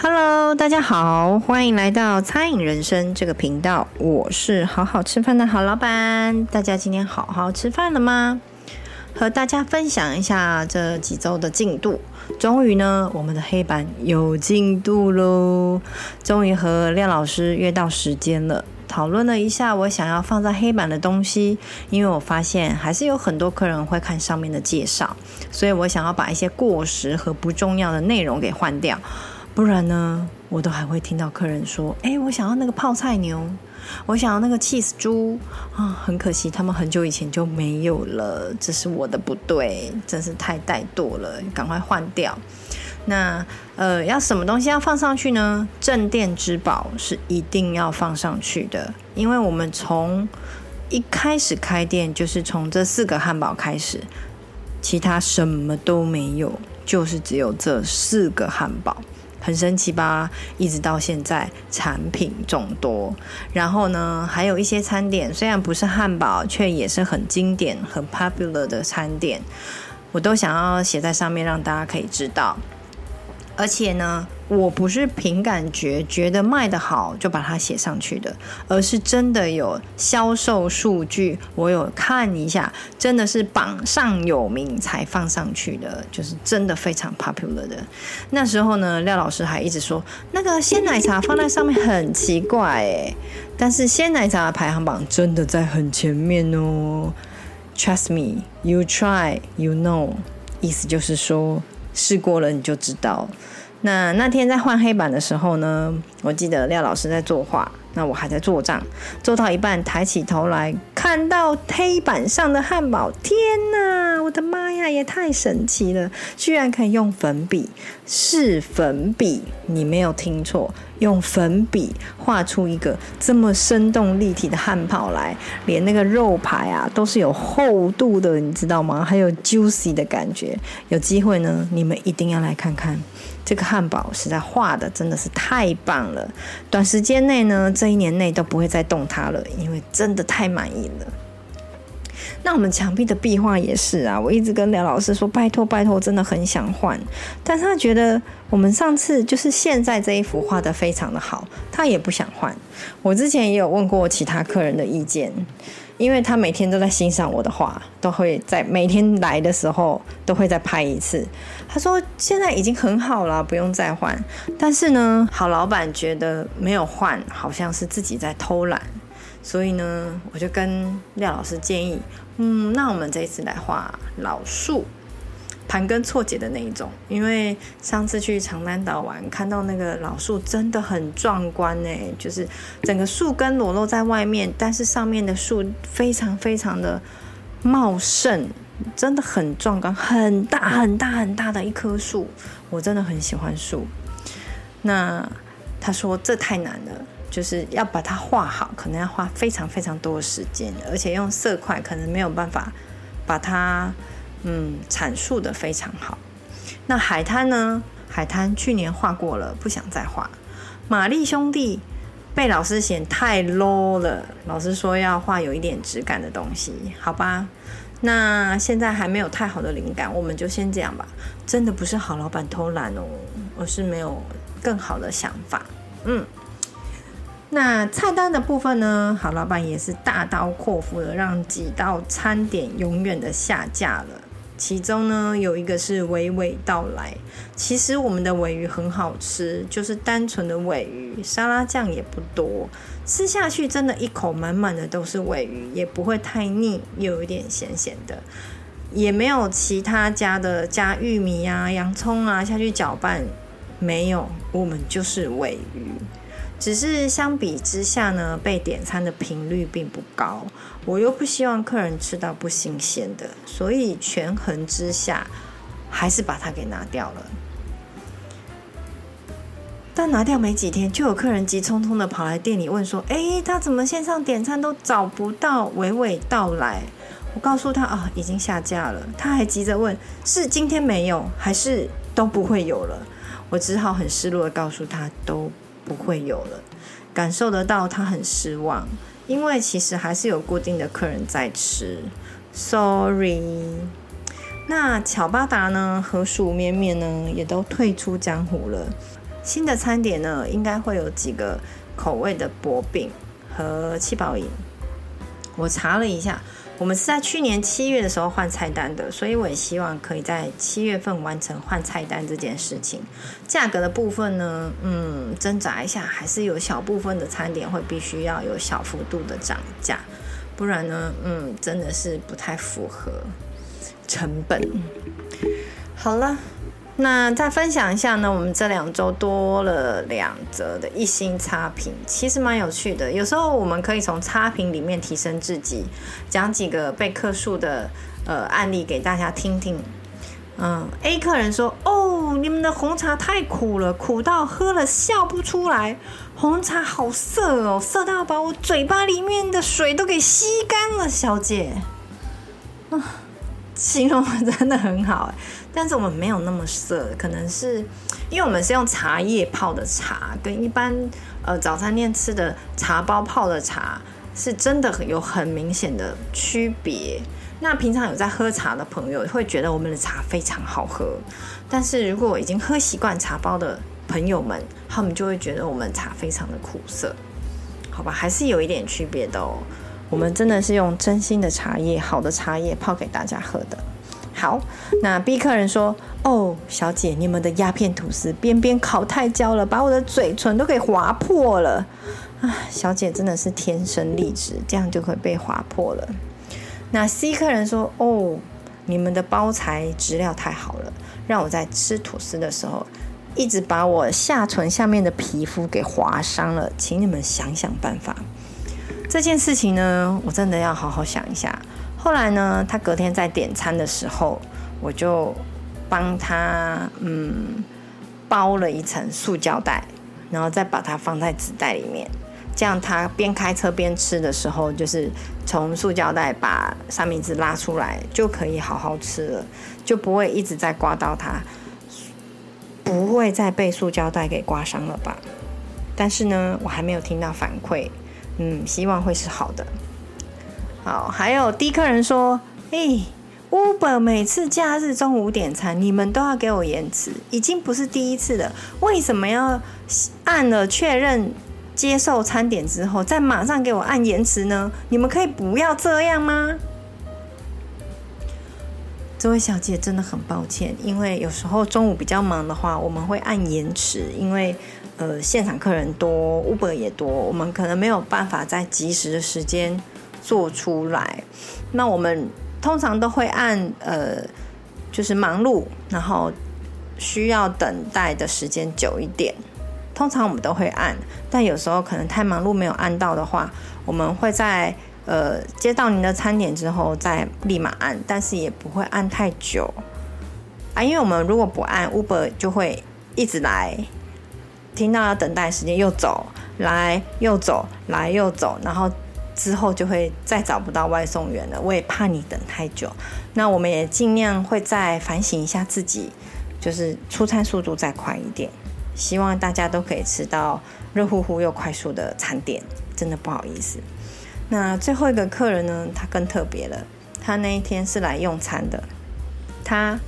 Hello，大家好，歡迎來到餐飲人生這個頻道。我是好好吃飯的好老闆。大家今天好好吃飯了嗎？和大家分享一下這幾周的進度。終於呢，我們的黑板有進度嘍。終於和廖老師約到時間了，討論了一下我想要放在黑板的東西。因為我發現還是有很多客人會看上面的介紹，所以我想要把一些過時和不重要的內容給換掉。不然呢，我都還會聽到客人說：“哎，我想要那個泡菜牛，我想要那個起司豬啊！”很可惜，他們很久以前就沒有了。這是我的不對，真是太怠惰了，趕快換掉。那呃，要什麼東西要放上去呢？鎮店之寶是一定要放上去的，因為我們從一開始開店就是從這四個漢堡開始，其他什麼都沒有，就是只有這四個漢堡。很神奇吧？一直到現在，產品眾多。然後呢，還有一些餐點，雖然不是漢堡，卻也是很經典、很 popular 的餐點，我都想要寫在上面，讓大家可以知道。而且呢。我不是憑感覺覺得賣得好就把它寫上去的，而是真的有銷售數據，我有看一下，真的是榜上有名才放上去的，就是真的非常 popular 的。那時候呢，廖老師還一直說那個鮮奶茶放在上面很奇怪欸，誒，但是鮮奶茶的排行榜真的在很前面哦。Trust me, you try, you know，意思就是說試過了你就知道。那那天在換黑板的時候呢，我記得廖老師在作畫，那我還在做賬，做到一半抬起頭來看到黑板上的漢堡，天哪、啊，我的媽呀，也太神奇了，居然可以用粉筆。是粉筆，你沒有聽錯，用粉筆畫出一個這麼生動立體的漢堡來，連那個肉排啊都是有厚度的，你知道嗎？還有 juicy 的感覺，有機會呢，你們一定要來看看這個漢堡，實在畫的，真的是太棒了。短時間內呢，這一年內都不會再動它了，因為真的太滿意了。那我們牆壁的壁畫也是啊，我一直跟梁老師說，拜托拜托，真的很想換，但他覺得我們上次就是現在這一幅畫得非常的好，他也不想換。我之前也有問過其他客人的意見，因為他每天都在欣賞我的畫，都會在每天來的時候都會再拍一次。他說現在已經很好了啊，不用再換。但是呢，好老闆覺得沒有換，好像是自己在偷懶。所以呢，我就跟廖老師建議，嗯，那我們這一次來畫老樹，盤根錯節的那一種。因為上次去長南島玩，看到那個老樹真的很壯觀欸，就是整個樹根裸露在外面，但是上面的樹非常非常的茂盛，真的很壯觀，很大很大很大的一棵樹。我真的很喜歡樹。那他說這太難了。就是要把它畫好，可能要花非常非常多的時間，而且用色塊可能沒有辦法把它嗯闡述得非常好。那海灘呢？海灘去年畫過了，不想再畫。瑪麗兄弟被老師嫌太 low 了，老師說要畫有一點質感的東西，好吧？那現在還沒有太好的靈感，我們就先這樣吧。真的不是好老闆偷懶哦，我是沒有更好的想法。嗯。那菜單的部分呢？好老闆也是大刀闊斧的，讓幾道餐點永遠的下架了。其中呢，有一個是娓娓道來。其實我們的鮪魚很好吃，就是單純的鮪魚，沙拉醬也不多，吃下去真的，一口滿滿的都是鮪魚，也不會太膩，又有一點鹹鹹的，也沒有其他家的加玉米啊、洋蔥啊下去攪拌，沒有，我們就是鮪魚。只是相比之下呢，被點餐的頻率並不高。我又不希望客人吃到不新鮮的，所以權衡之下，還是把它給拿掉了。但拿掉沒幾天，就有客人急匆匆的跑來店裡問說：“欸，他怎麼線上點餐都找不到‘娓娓道來’？”我告訴他：“啊，已經下架了。”他還急着問：“是今天沒有，還是都不會有了？”我只好很失落的告訴他：“都。”不會有了，感受得到，他很失望，因為其實還是有固定的客人在吃。Sorry，那巧巴達呢？和薯綿綿呢？也都退出江湖了。新的餐點呢，應該會有幾個口味的薄餅和氣泡飲。我查了一下。我們是在去年七月的時候換菜單的，所以我也希望可以在七月份完成換菜單這件事情。價格的部分呢，嗯，掙扎一下，還是有小部分的餐點會必須要有小幅度的漲價，不然呢，嗯，真的是不太符合成本。好了。那再分享一下呢？我們這兩週多了兩則的一星差評，其實蠻有趣的。有時候我們可以從差評裡面提升自己，講幾個被客訴的呃案例給大家聽聽。嗯，A 客人說：“哦，你們的紅茶太苦了，苦到喝了笑不出來。紅茶好澀哦，澀到把我嘴巴裡面的水都給吸乾了，小姐。嗯”啊。形容真的很好，但是我們沒有那麼澀。可能是因為我們是用茶葉泡的茶，跟一般呃早餐店吃的茶包泡的茶是真的有很明顯的區別。那平常有在喝茶的朋友會覺得我們的茶非常好喝，但是如果已經喝習慣茶包的朋友們，他們就會覺得我們茶非常的苦澀。好吧，還是有一點區別的哦。我們真的是用真心的茶葉、好的茶葉泡給大家喝的。好，那 B 客人說：“哦，小姐，你們的鴉片吐司邊邊烤太焦了，把我的嘴唇都給劃破了。”啊，小姐真的是天生麗質，這樣就可以被劃破了。那 C 客人說：“哦，你們的包材質料太好了，讓我在吃吐司的時候一直把我下唇下面的皮膚給劃傷了，請你們想想辦法。”這件事情呢，我真的要好好想一下。後來呢，他隔天在點餐的時候，我就幫他嗯包了一層塑膠袋，然後再把它放在紙袋裡面。這樣他邊開車邊吃的時候，就是從塑膠袋把三明治拉出來，就可以好好吃了，就不會一直在颳到他，不會再被塑膠袋給刮傷了吧？但是呢，我還沒有聽到反饋。嗯，希望會是好的。好，還有第一客人說：“誒、欸，Uber 每次假日中午點餐，你們都要給我延遲，已經不是第一次了。為什麼要按了確認接受餐點之後，再馬上給我按延遲呢？你們可以不要這樣嗎？”這位小姐真的很抱歉，因為有時候中午比較忙的話，我們會按延遲，因為。呃，現場客人多，Uber 也多，我們可能沒有辦法在及時的時間做出來。那我們通常都會按呃，就是忙碌，然後需要等待的時間久一點，通常我們都會按。但有時候可能太忙碌沒有按到的話，我們會在呃接到您的餐點之後再立馬按，但是也不會按太久啊，因為我們如果不按，Uber 就會一直來。聽到要等待時間又走來又走來又走，然後之後就會再找不到外送員了。我也怕你等太久，那我們也盡量會再反省一下自己，就是出餐速度再快一點。希望大家都可以吃到熱乎乎又快速的餐點，真的不好意思。那最後一個客人呢，他更特別了，他那一天是來用餐的，他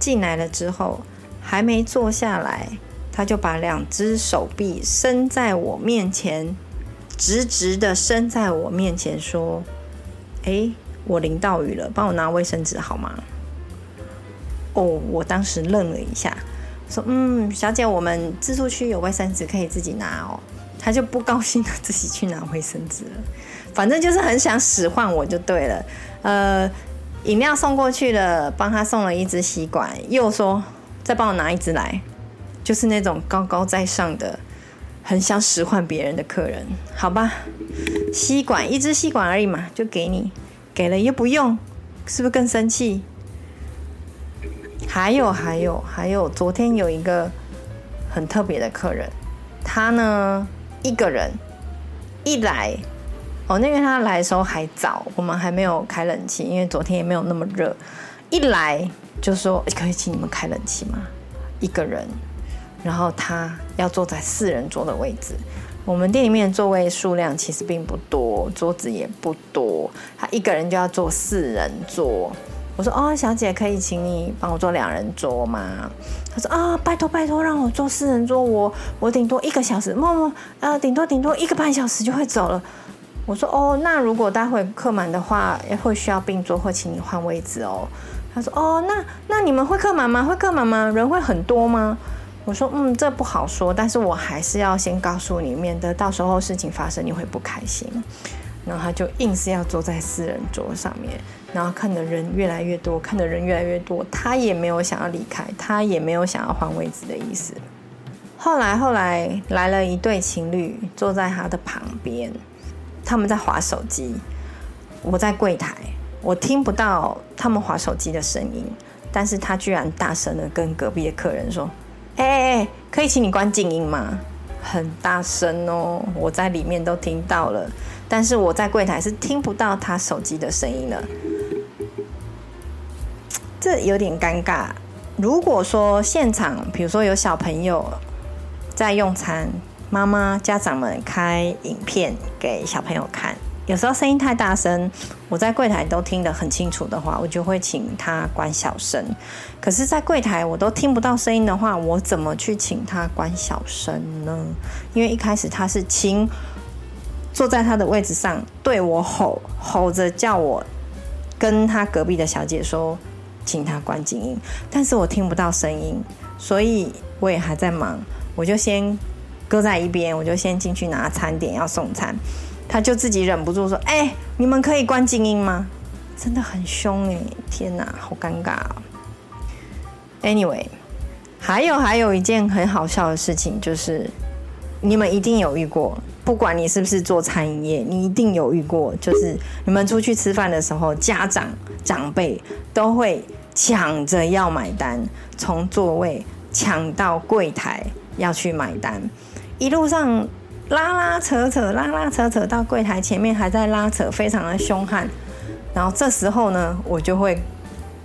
進來了之後還沒坐下來。他就把兩隻手臂伸在我面前，直直的伸在我面前，說：“誒，我淋到雨了，幫我拿衛生紙好嗎？”哦，我當時愣了一下，說：“嗯，小姐，我們自助區有衛生紙，可以自己拿哦。”他就不高興的自己去拿衛生紙了。反正就是很想使喚我就對了。呃，飲料送過去了，幫他送了一隻吸管，又說：“再幫我拿一隻來。”就是那種高高在上的，很想使喚別人的客人，好吧？吸管，一支吸管而已嘛，就給你，給了又不用，是不是更生氣？還有還有還有，昨天有一個很特別的客人，他呢一個人一來，哦，那因為他來的時候還早，我們還沒有開冷氣，因為昨天也沒有那麼熱，一來就說，欸，可以請你們開冷氣嗎？一個人。然後他要坐在四人桌的位置。我們店裡面的座位數量其實並不多，桌子也不多，他一個人就要坐四人桌。我說：“哦，小姐，可以請你幫我坐兩人桌嗎？”他說：“啊、哦，拜托拜托，讓我坐四人桌，我我頂多一個小時，默默呃，頂多頂多一個半小時就會走了。”我說：“哦，那如果待會客滿的話，會需要並桌或請你換位置哦。”他說：“哦，那那你們會客滿嗎？會客滿嗎？人會很多嗎？”我說，嗯，這不好說，但是我還是要先告訴你，免得到時候事情發生你會不開心。然後他就硬是要坐在私人桌上面，然後看的人越來越多，看的人越來越多，他也沒有想要離開，他也沒有想要換位置的意思。後來後來來了一對情侶坐在他的旁邊，他們在滑手機，我在櫃台，我聽不到他們滑手機的聲音，但是他居然大聲地跟隔壁的客人說。哎哎、欸欸欸，可以請你關靜音嗎？很大聲哦，我在裡面都聽到了，但是我在櫃檯是聽不到他手機的聲音了，這有點尷尬。如果說現場，比如說有小朋友在用餐，媽媽家長們開影片給小朋友看。有時候聲音太大聲，我在櫃檯都聽得很清楚的話，我就會請他關小聲。可是，在櫃檯我都聽不到聲音的話，我怎麼去請他關小聲呢？因為一開始他是請坐在他的位置上對我吼吼着叫我跟他隔壁的小姐說，請他關靜音，但是我聽不到聲音，所以我也還在忙，我就先擱在一邊，我就先進去拿餐點要送餐。他就自己忍不住說：“哎，你們可以關靜音嗎？真的很兇哎！天哪，好尷尬啊！Anyway，還有還有一件很好笑的事情，就是你們一定有遇過，不管你是不是做餐飲業，你一定有遇過，就是你們出去吃飯的時候，家長長輩都會搶着要買單，從座位搶到櫃檯要去買單，一路上。”拉拉扯扯，拉拉扯扯到櫃檯前面，還在拉扯，非常的兇悍。然後這時候呢，我就會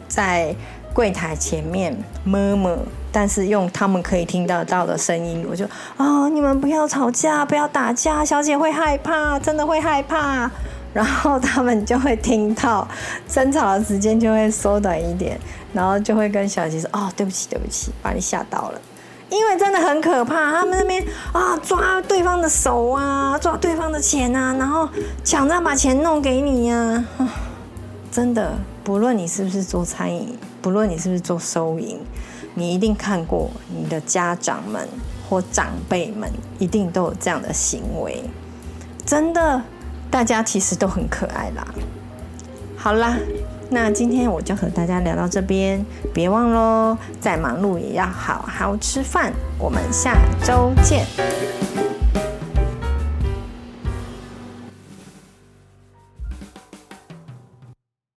在櫃檯前面默默，但是用他們可以聽得到的聲音，我就啊、哦，你們不要吵架，不要打架，小姐會害怕，真的會害怕。然後他們就會聽到，爭吵的時間就會縮短一點，然後就會跟小姐說，哦，對不起，對不起，把你嚇到了。因為真的很可怕，他們那邊啊抓對方的手啊，抓對方的錢啊，然後搶着把錢弄給你呀、啊。真的，不論你是不是做餐飲，不論你是不是做收銀，你一定看過你的家長們或長輩們，一定都有這樣的行為。真的，大家其實都很可愛啦。好啦。那今天我就和大家聊到這邊，別忘嘍！再忙碌也要好好吃飯。我們下週見。